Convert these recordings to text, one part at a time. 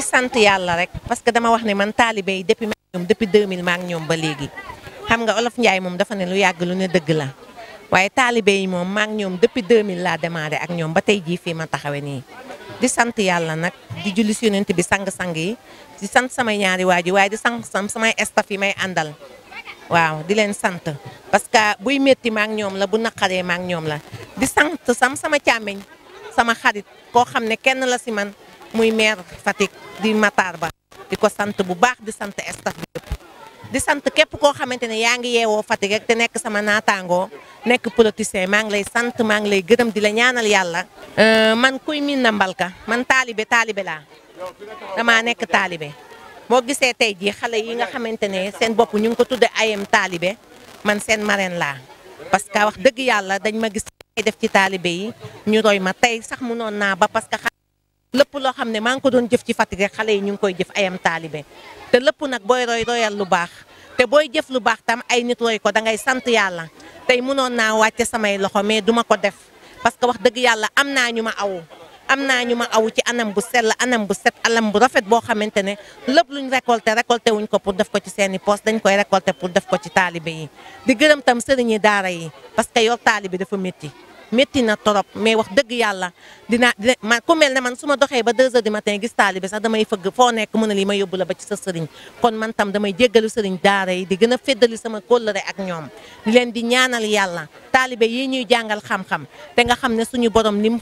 di sant yàlla rek parce que dama wax ne man taalibe yi depuis maag ñoom depuis 2000 maag ñoom ba léegi xam nga olof Ndiaye moom dafa ne lu yàgg lu ne dëgg la waaye taalibe yi moom maag ñoom depuis 2000 laa démarré ak ñoom ba tey jii fii ma taxawe nii di sant yàlla nag di julli si yonent bi sang-sang yi di sant samay ñaari waajur waaye di sant samay staff yi may àndal waaw di leen sant parce buy métti maag ñoom la bu naqaree maag ñoom la di sant sam sama càmmiñ sama xarit koo muy maire Fatick di Matar Ba di ko sant bu baax di sant staff bi di sant képp koo xamante ne yaa ngi yeewoo Fatick rek te nekk sama naataangoo nekk politicien maa ngi lay sant maa ngi lay gërëm di la ñaanal yàlla euh, man kuy miin na mbalka man taalibe taalibe laa dama nekk taalibe boo gisee tey jii xale yi nga xamante ne seen bopp ñu ngi ko tudde ayem taalibe man seen marraine laa parce wax dëgg yàlla dañ ma gis def ci taalibe naa ba parce que lépp loo xam ne maa ngi ko doon jëf ci Fatick xale yi ñu ngi koy jëf ayam taalibe te lépp nag booy roy royal lu baax te booy jëf lu baax tam ay nit roy ko da ngay sant yàlla tey mënoon naa wàcce samay loxo mais duma ko def parce que wax dëgg yàlla am naa ñu ma awu am naa ñu ma awu ci anam bu sell anam bu set anam bu rafet boo xamante ne lépp luñ récolté récolté wuñ ko pour def ko ci seeni poste dañ koy récolté pour def ko ci taalibe yi di gërëm tam sëriñi dafa métti métti na torop mais wax dëgg yàlla dina ma ku mel ne man su ma doxee ba 2 heures du matin gis taalibe sax damay fëgg foo nekk mën a lii ma yóbbu la ba ci sa sëriñ kon man tam damay jéggalu sëriñ daara yi di gën a féddali sama kóllëre ak ñoom di leen di ñaanal yàlla taalibe yi ñuy jàngal xam-xam te nga xam ne suñu borom lim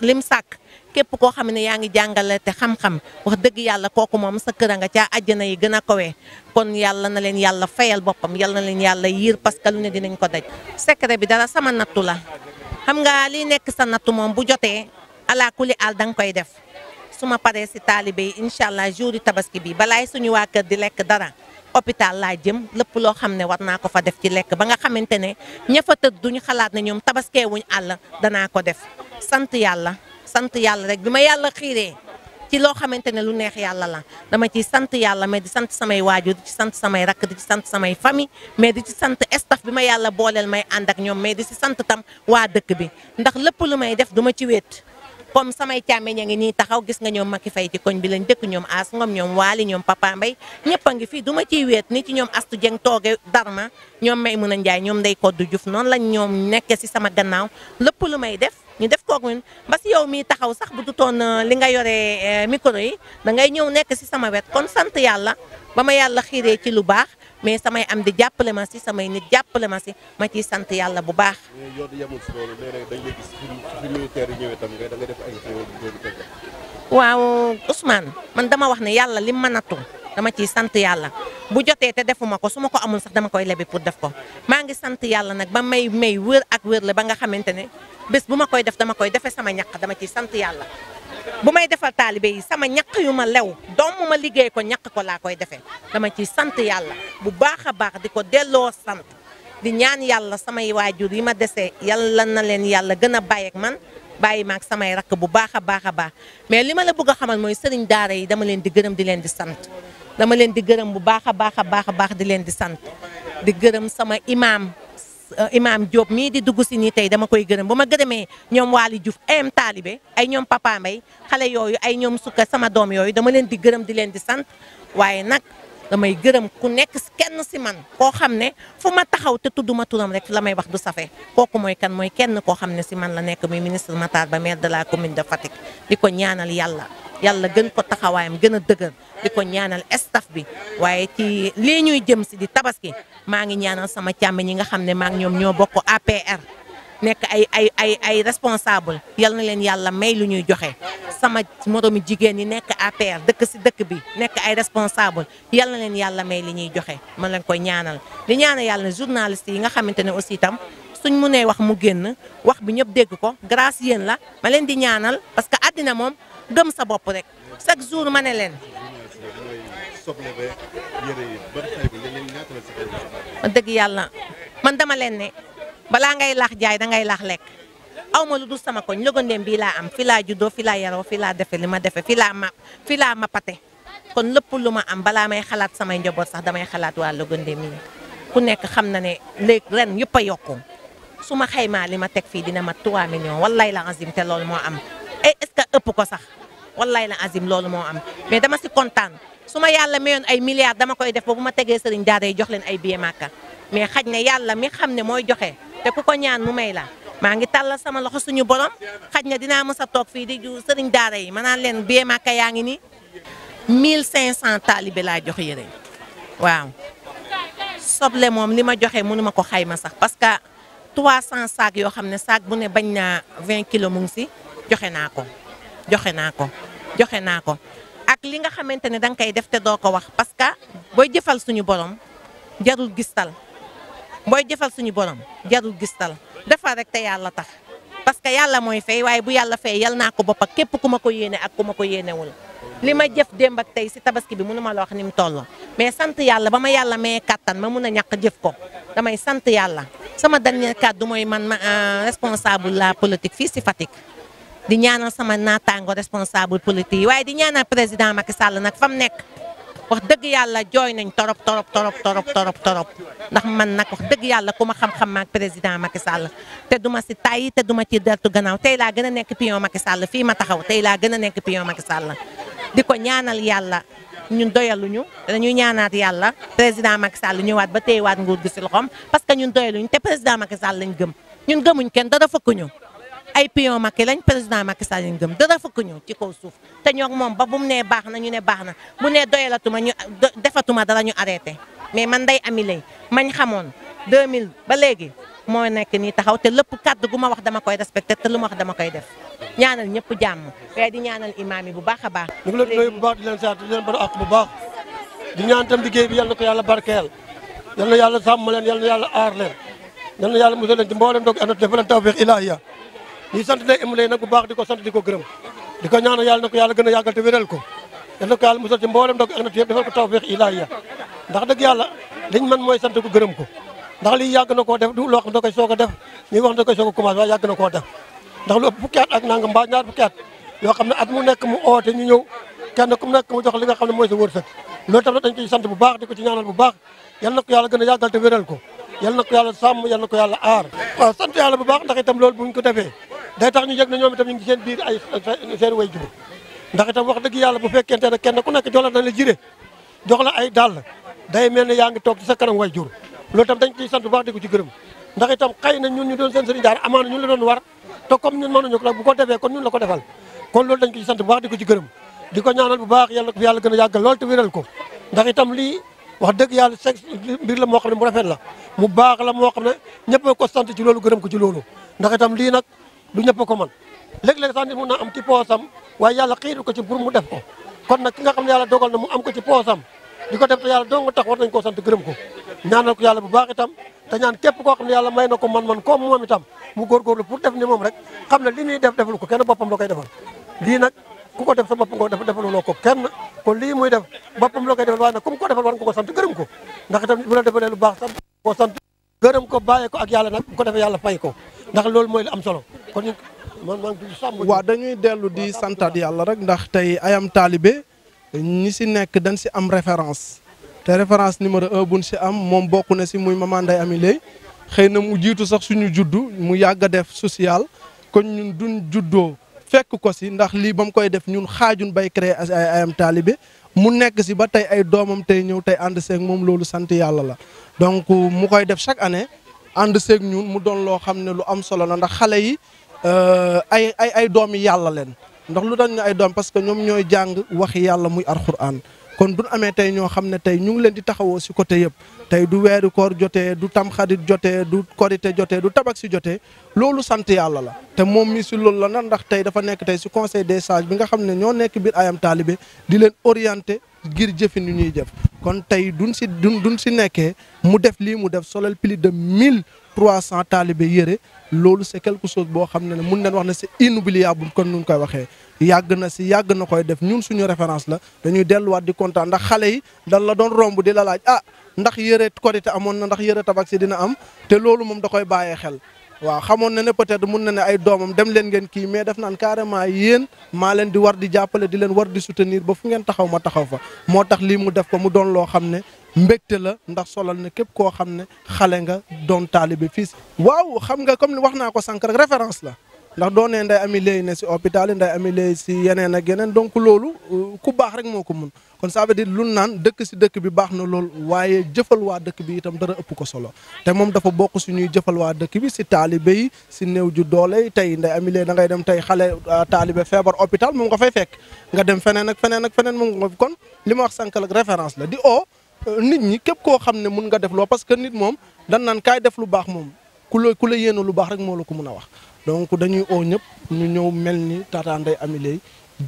lim sàkk képp koo xam ne yaa ngi jàngale te xam-xam wax dëgg yàlla kooku moom sa kër a nga caa àjjana yi gën a kowee kon yàlla na leen yàlla fayal boppam yàlla na leen yàlla yiir parce que lu ne dinañ ko daj secret sama nattu la xam nga li nekk sa nattu moom bu jotee ala kuli àll danga koy def su ma paree si taalibe yi incha allah jouri tabaski bi balaay suñu waa kër di lekk dara hôpital laa jëm lépp loo xam ne war naa ko fa def ci lekk ba nga xamante ne ña fa tëdd duñu xalaat ne ñoom tabaskee wuñ àll danaa ko def sant yàlla sant yàlla rek bi ma yàlla xiiree ci loo xamante ne lu neex yàlla la dama ciy sant yàlla mais di sant samay waajur di ci sant samay rakk di ci sant samay famille mais di ci sant staff bi ma yàlla booleel may ànd ak ñoom mais di ci sant tam waa dëkk bi ndax lépp lu may def du ma ci wéet comme samay càmmeñ a ngi nii taxaw gis nga ñoom Macky Faye ci koñ bi lañ dëkk ñoom As Ngom ñoom Waali ñoom Papa Mbay ngi fi du ciy wéet ni ci ñoom Astu Jeng tooge Darma ñoom may Maymuna Njaay ñoom Ndey Koddu Juuf noonu lañ ñoom nekkee si sama gannaaw lépp lu may def ñu def koog ñun ba si yow mi taxaw sax bu dutoon euh, li nga yore euh, micro yi da ngay ñëw nekk si sama wet kon sant yàlla ba ma yàlla xiiree ci lu baax mais samay am di jàppale ma si samay nit jàppale ma si ma ciy sant yàlla bu baax. waaw Ousmane man dama wax ne yàlla li ma nattu dama ciy sant yàlla bu jotee te defuma ko su ma ko amul sax dama koy lebi pour def ko maa ngi sant yàlla nag ba may may wër ak wër la ba nga xamante ne bés bu ma koy def dama koy defee sama ñaq dama ciy sant yàlla bu may defal taalibe yi sama ñaq yu ma lew doom ma liggéey ko ñaq ko laa koy defee dama ciy sant yàlla bu baax a baax di ko delloo sant di ñaan yàlla samay waajur yi ma desee yàlla na leen yàlla gën a bàyyi ak man bàyyi maak samay rakk bu baax a baax a baax mais li ma la bëgg a xamal mooy sëriñ daara yi dama leen di gërëm di leen di sant dama leen di gërëm bu baax a baax a baax a baax di leen di sant di gërëm sama imaam euh, imaam joob mii di dugg si nii tey dama koy gërëm bu ma gërëmee ñoom Waly Diouf ayam taalibe ay ñoom Papa xale yooyu ay ñoom sukka sama doom yooyu dama leen di gërëm di leen di sant waaye nag damay gërëm ku nekk kenn si man koo xam ne fu ma taxaw te tudduma turam rek la may wax du safe kooku mooy kan mooy kenn koo xam ne si man la nekk muy ministre Matar Ba maire de la commune de Fatick di ko ñaanal yàlla yàlla gën ko taxawaayam gën a dëgër di ko ñaanal staff bi waaye ci lii ñuy jëm si di tabaski maa ngi ñaanal sama càmm ñi nga xam ne maa ngi ñoom ñoo bokk APR nekk ay ay ay ay responsable yal na leen yàlla may lu ñuy joxe sama moroomi jigéen yi nekk APR dëkk si dëkk bi nekk ay responsable yal na leen yàlla may li ñuy joxe man lañ koy ñaanal di ñaanal yàlla ne journaliste yi nga xamante ne aussi itam suñ mënee wax mu génn wax bi ñëpp dégg ko grâce yéen la ma leen gëm sa bopp rek chaque jour ma ne leen. dëgg yàlla man dama leen ne balaa ngay laax jaay dangay laax lekk aw ma lu dul sama koñ Logandeem bii laa am fi laa juddoo fi laa yaroo fi laa defe li ma defe fi laa ma fi laa mapate kon lépp lu ma am balaa may xalaat samay njaboot sax damay xalaat waa Logandeem yi ku nekk xam na ne léegi ren yëpp a yokku su ma xaymaa li ma teg fii dina ma 3 millions wallaay la azim te loolu moo am. te ëpp ko sax wallaay la azim loolu moo am mais dama si kontaan su ma yàlla mayoon ay milliards dama koy def ba bu ma tegee sëriñ daara yi jox leen ay billet màkka mais xaj na yàlla mi xam ne mooy joxe te ku ko ñaan mu may la maa ngi tàllal sama loxo suñu borom xaj na dinaa mës a toog fii di ju sëriñ daara yi ma naan leen billet yaa ngi nii 1500 taalibe laa jox yére waaw soble moom li ma joxe mënu ma ko xayma sax parce que 300 saak yoo xam ne saak bu ne bañ naa 20 kilos mu ngi si joxe naa ko. joxe naa ko joxe naa ko ak li nga xamante ne danga koy def te doo ko wax parce que booy jëfal suñu borom jarul gistal booy jëfal suñu borom jarul gistal defal rek te yàlla tax parce que yàlla mooy fay waaye bu yàlla fay yal naa ko bopp képp ku ma ko yéene ak ku ma ko yéenewul li ma jëf démb tey si tabaski bi mënu ma la wax ni mu toll mais sant yàlla ba ma yàlla mais kàttan ma mun a ñàkk jëf ko damay sant yàlla sama dernier kàddu mooy man ma euh, responsable la politique fii si Fatick di ñaanal sama naataango responsable politique yi waaye di ñaanal président Macky Sall nag fa mu nekk wax dëgg yàlla jooy nañ torop torop torop torop torop torop ndax man nag wax dëgg yàlla ku ma xam-xam maak président Macky Sall te duma si tàyyi te duma ci deltu gannaaw tey laa gën a nekk pion Macky Sall fii ma taxaw tey laa gën a nekk pion Macky Sall di ko ñaanal yàlla ñun doyaluñu dañuy ñaanaat yàlla président Macky Sall ñëwaat ba téyewaat nguur gi si loxoom parce que ñun doyaluñu te président Macky Sall lañ gëm ñun gëmuñ kenn dara fëkkuñu ay pion Macky lañ président Macky Sall lañ gëm dara fukk ñu ci kaw suuf te ñoo moom ba bu mu nee baax na ñu ne baax na mu nee doyalatuma ñu defatuma dara ñu arrêté mais man day ami lay mañ xamoon 2000 ba léegi moo nekk nii taxaw te lépp kadd gu ma wax dama koy respecté te lu ma wax dama koy def ñaanal ñëpp jàmm waaye di ñaanal imaam yi bu baax a baax. ñu ngi leen di nuyu bu baax di leen sant di leen baal ak bu baax di ñaan tam liggéey bi yal na ko yàlla barkeel ñuy sant Ndeye Amy Leye nag bu baax di ko sant di ko gërëm di ko ñaanal yàlla na ko gën a yàggal te wéral ko yal na ko yàlla musal ci mboolem man mooy sant ko gërëm ko ndax lii yàgg na koo def du loo xam da koy wax da koy soog a commencé waaye yàgg xam ne at mu nekk mu oote ñu ñëw kenn ku nekk mu jox li nga xam ne mooy sa wërsëg loolu tam dañ koy sant bu baax di ko ci ñaanal bu baax yal na ko yàlla gën a yàggal te wéral ko yal na ko yàlla sàmm na ko yàlla aar waaw sant yàlla bu baax ndax itam loolu buñ ko defee day tax ñu yëg na ñoom itam ñu ngi seen biir ay seen way jur ndax itam wax dëgg yàlla bu fekkente ne kenn ku nekk jox la dañ la jire jox la ay dàll day mel ne yaa ngi toog ci sa kanam way jur loolu itam dañ ciy sant bu baax di ko ci gërëm ndax itam xëy na ñun ñu doon seen sëriñ daara amaana ñun la doon war te comme ñun ko la ko defee kon ko defal kon loolu dañ ko ci sant bu baax di ko ci gërëm di ñaanal bu baax yàlla yàlla gën a yàggal loolu te wéral ko ndax itam lii wax dëgg yàlla sex mbir la moo xam ne mu rafet la mu baax la moo xam ne ñëpp ko sant ci loolu gërëm ko ci loolu ndax itam lii du ñëpp ko mën léeg-léeg sax nit mun naa am ci poosam waaye yàlla xiiru ko ci pour mu def ko kon nag ki nga xam ne yàlla dogal na mu am ko ci poosam di ko def te yàlla dong tax war nañ koo sant gërëm ko ñaanal ko yàlla bu baax itam te ñaan képp koo xam ne yàlla may na ko man-man comme moom itam mu góorgóorlu pour def ni moom rek xam ne li ñuy def deful ko kenn boppam la koy defal lii nag ku ko def sa bopp nga def defaluloo ko kenn kon lii muy def boppam la koy defal waaye ko defal war nga ko ndax itam bu la lu baax sant gërëm ko bàyyee ko ak yàlla nag bu ko defee yàlla fay ko ndax loolu mooy li am solo kon ñu man waaw dañuy dellu di santaat yàlla rek ndax tey ayam taalibe ñi si nekk dañ si am référence te référence numéro un buñ si am moom bokk na si muy maman Ndeye Amy Leye xëy na mu jiitu sax suñu juddu mu yàgg a def social kon ñun duñ juddoo fekk ko si ndax lii ba mu koy def ñun xaajuñ bay créer ay ayam taalibe mu nekk si ba tey ay doomam tey ñëw tey ànd seeg moom loolu sant yàlla la donc mu koy def chaque année ànd seeg ñun mu doon loo xam ne lu am solo la ndax xale yi euh, ay ay ay doomi yàlla leen ndax lu tax ñu ay doom parce que ñoom ñooy jàng wax yàlla muy alxuraan kon duñ amee tey ñoo xam ne tey ñu ngi leen di taxawoo si côté yëpp tey du weeru koor jotee du tamxarit jotee du korite jotee du tabak si jotee loolu sant yàlla la te moom mi si loolu la na ndax tey dafa nekk tey si conseil des sages bi nga xam ne ñoo nekk biir ayam taalibe di leen orienté ngir jëfin yu ñuy jëf kon tey duñ si duñ duñ si nekkee mu def lii mu def solal plus de mille trois cent taalibe yére loolu c'est quelque chose boo xam ne mun nañ wax ne c'est inoubliable kon nu koy waxee yàgg na si yàgg na koy def ñun suñu référence la dañuy delluwaat di kontaan ndax xale yi dan la doon romb di la laaj ah ndax yëre korité amoon na ndax yëre tabax si dina am te loolu moom da koy bàyyee xel waaw xamoon na ne peut-être mun na ne ay doomam dem leen ngeen kii mais def naan carrément yéen maa leen di war di jàppale di leen war di soutenir ba fu ngeen taxaw ma taxaw fa moo tax lii mu def ko mu doon loo xam ne mbégte la ndax solal na képp koo xam ne xale nga doon taalibe fii waaw xam nga comme wax naa ko sànq rek référence la ndax doon ne nday ami léegi ne si hôpital nday ami léegi si yeneen ak yeneen donc loolu euh, ku baax rek moo ko mun kon ça veut dire lu naan dëkk si dëkk bi baax na lool waaye jëfal waa dëkk bi itam dara ëpp ko solo te moom dafa bokk suñuy jëfal waa dëkk bi si taalibe yi si néew ju doole tey nday ami da ngay dem tey xale euh, taalibe feebar hôpital moom nga fay fekk nga dem feneen ak feneen ak feneen moom nga kon li ma wax sànq la référence la di oo euh, nit ñi képp koo xam ne mun nga def loo parce que nit moom dan naan kaay def lu baax moom ku la ku la yéene lu baax rek moo la ko mun a wax donc dañuy oo ñëpp ñu ñëw mel ni Tata Ndeye Amy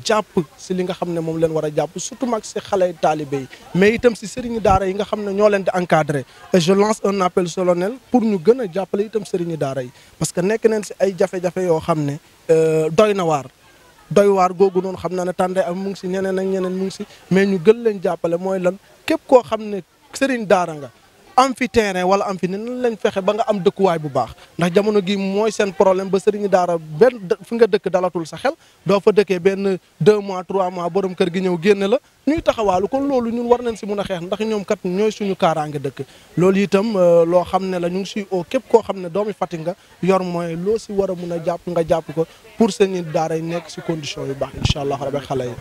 jàpp si li nga xam ne moom leen war a jàpp surtout mag si xale taalibe yi mais itam si sëriñu daara yi nga xam ne ñoo leen di encadré je lance un appel solennel pour ñu gën a jàppale itam sëriñu daara yi parce que nekk neen si ay jafe-jafe yoo xam ne euh, doy na waar doy waar googu noonu xam naa ne tànday am mu ngi si ñeneen ak ñeneen mu ngi si mais ñu gën leen jàppale mooy lan képp koo xam ne sëriñ daara nga am fi terrain wala am fi ne nan lañ fexe ba nga am dëkkuwaay bu baax ndax jamono gi mooy seen problème ba sëriñu daara benn fi nga dëkk dalatul sa xel doo fa dëkkee benn deux mois trois mois borom kër gi ñëw génne la ñuy taxawaalu kon loolu ñun war nañ si mun a xeex ndax ñoom kat ñooy suñu kaaraange dëkk loolu itam euh, loo xam ne la ñu ngi siy oo képp koo xam ne doomi Fatick nga yor mooy loo si war a mun a jàpp nga jàpp ko pour sëriñu daara yi nekk si condition yu baax incha allah rabi xale yi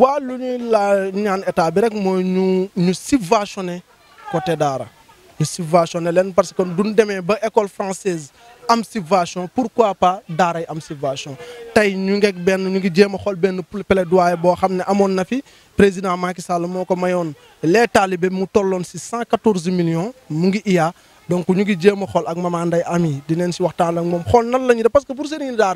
waa lu ñuy laa ñaan état bi rek mooy ñu ñu subventionné côté daara ñu subventionné leen parce que dun demee ba école française am subvention pourquoi pas daara yi am subvention tey ñu ngeeg benn ñu ngi jéem a xool benn plaidoyer boo xam ne amoon na fi président Macky Sall moo ko mayoon les talibés mu tolloon si cent quatorze millions mu ngi iya donc ñu ngi jéem a xool ak maman Ndeye Ami dinañ si waxtaan ak moom xool nan la ñuy def parce que pour seen i la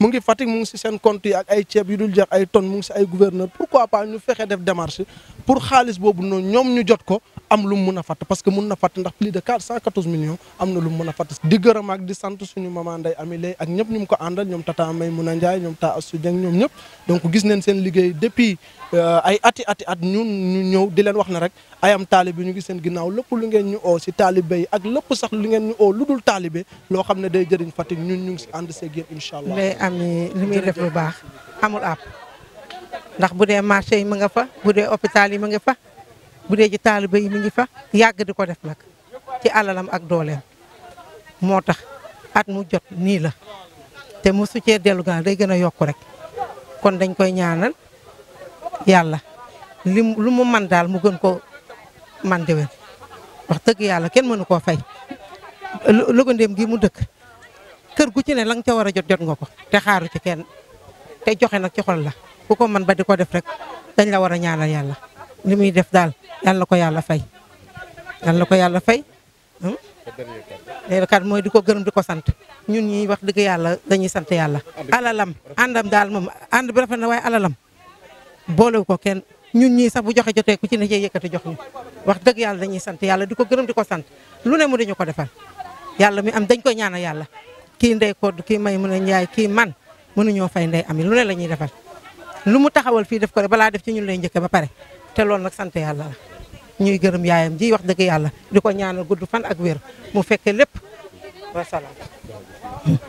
mu ngi Fatick mu ngi si seen compte yi ak ay ceeb yu dul jeex ay tonnes mu ngi si ay gouverneur pourquoi pas ñu fexe def démarche pour xaalis boobu noonu ñoom ñu jot ko am lu mun a fàtt parce que mun na fàtt ndax plus de 414 millions am na lu mu mun a fàtt di gërëm ak di sant suñu maman Ndeye Amy Leye ak ñëpp ñu mu ko àndal ñoom Tata May Muna Ndiaye ñoom Ta Assou Dieng ñoom ñëpp donc gis neen seen liggéey depuis euh, ay ati ati at ñun ñu ñëw di leen wax ne rek ayam taalibe ñu ngi seen ginnaaw lépp lu ngeen ñu oo si taalibe yi ak lépp sax lu ngeen ñu oo lu dul loo xam ne day jëriñ Fatick ñun ñu ngi si ànd seeg yéen incha allah. li muy def lu baax amul app ndax bu dee marché yi mu nga fa bu dee hôpital yi mu nga fa bu dee ci taaliba yi mi ngi fa yàgg di ko def nag ci alalam ak dooleem moo tax at mu jot nii la te mosu cee dellu gaaw day gën a yokk rek kon dañ koy ñaanal yàlla li lu mu man daal mu gën ko man déwén wax dëgg yàlla kenn mënu koo fay lëgëndeem gi mu dëkk kër gu ci ne la nga ca war a jot jot nga ko te xaaru ci kenn te joxe nag ci la ku ko man ba di ko def rek dañ la war a ñaanal yàlla li muy def daal yàlla ko yàlla fay yàlla ko yàlla fay. Hmm? léegi kat mooy di ko gërëm di ko sant ñun ñi wax dëgg yàlla dañuy sant yàlla. lam àndam daal moom ànd bu rafet na waaye alalam boolewu ko kenn ñun ñii sax bu joxe jotee ku ci ne cee yëkkati jox ñu wax dëgg yàlla dañuy sant yàlla di ko gërëm di ko sant lu ne mu dañu ko defal yàlla mi am dañ koy ñaanal yàlla kii ndey kodd kii may mën a njaay kii man mënuñoo fay ndey am lu ne la ñuy defal lu mu taxawal fii def ko balaa def ci ñun lay njëkke ba pare te loolu nag sant yàlla la ñuy gërëm yaayam ji wax dëgg yàlla di ko ñaanal gudd fan ak wér mu fekke lépp wasalaam